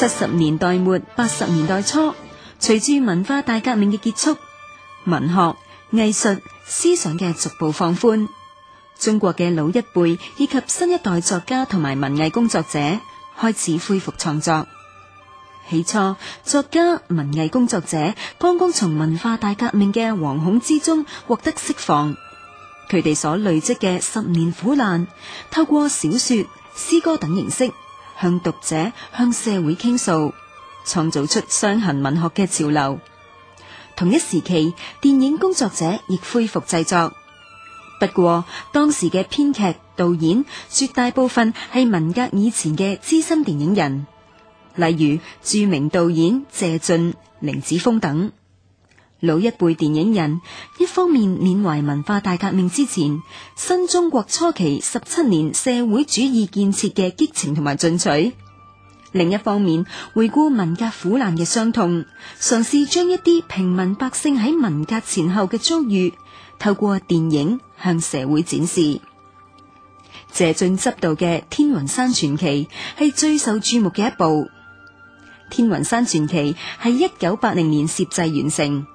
七十年代末、八十年代初，隨住文化大革命嘅結束，文學、藝術、思想嘅逐步放寬，中國嘅老一輩以及新一代作家同埋文藝工作者開始恢復創作。起初，作家、文藝工作者剛剛從文化大革命嘅惶恐之中獲得釋放，佢哋所累積嘅十年苦難，透過小說、詩歌等形式。向讀者、向社會傾訴，創造出傷痕文學嘅潮流。同一時期，電影工作者亦恢復製作。不過，當時嘅編劇、導演，絕大部分係文革以前嘅資深電影人，例如著名導演謝晉、凌子風等。老一輩電影人一方面緬懷文化大革命之前新中國初期十七年社會主義建設嘅激情同埋進取，另一方面回顧文革苦難嘅傷痛，嘗試將一啲平民百姓喺文革前後嘅遭遇透過電影向社會展示。謝晉執導嘅《天雲山傳奇》係最受注目嘅一部，《天雲山傳奇》係一九八零年攝製完成。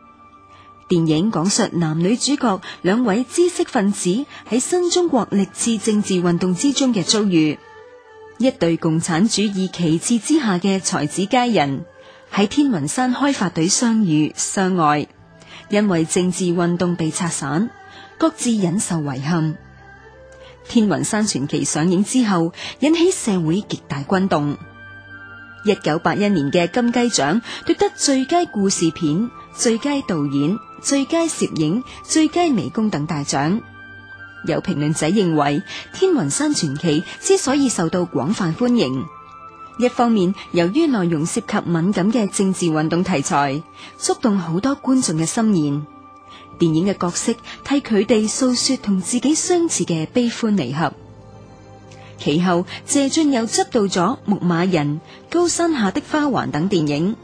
電影講述男女主角兩位知識分子喺新中國歷次政治運動之中嘅遭遇，一對共產主義旗幟之下嘅才子佳人喺天雲山開發隊相遇相愛，因為政治運動被拆散，各自忍受遺憾。天雲山傳奇上映之後引起社會極大轟動，一九八一年嘅金雞獎奪得最佳故事片，最佳導演、最佳攝影、最佳美工等大獎。有評論者認為，《天雲山傳奇》之所以受到廣泛歡迎，一方面由於內容涉及敏感嘅政治運動題材，觸動好多觀眾嘅心弦，電影嘅角色替佢哋訴說同自己相似嘅悲歡離合。其後，謝晉又執導咗《牧馬人》《高山下的花環》等電影。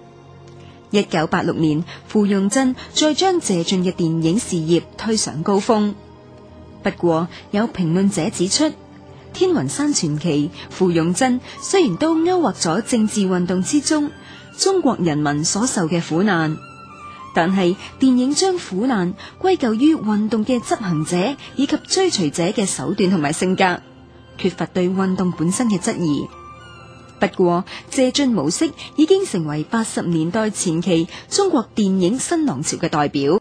一九八六年，芙蓉鎮，再將謝晉嘅電影事業推上高峰。不過，有評論者指出，天《天雲山傳奇》芙蓉鎮，雖然都勾畫咗政治運動之中中國人民所受嘅苦難，但係電影將苦難歸咎於運動嘅執行者以及追隨者嘅手段同埋性格，缺乏對運動本身嘅質疑。不過，謝晉模式已經成為八十年代前期中國電影新浪潮嘅代表。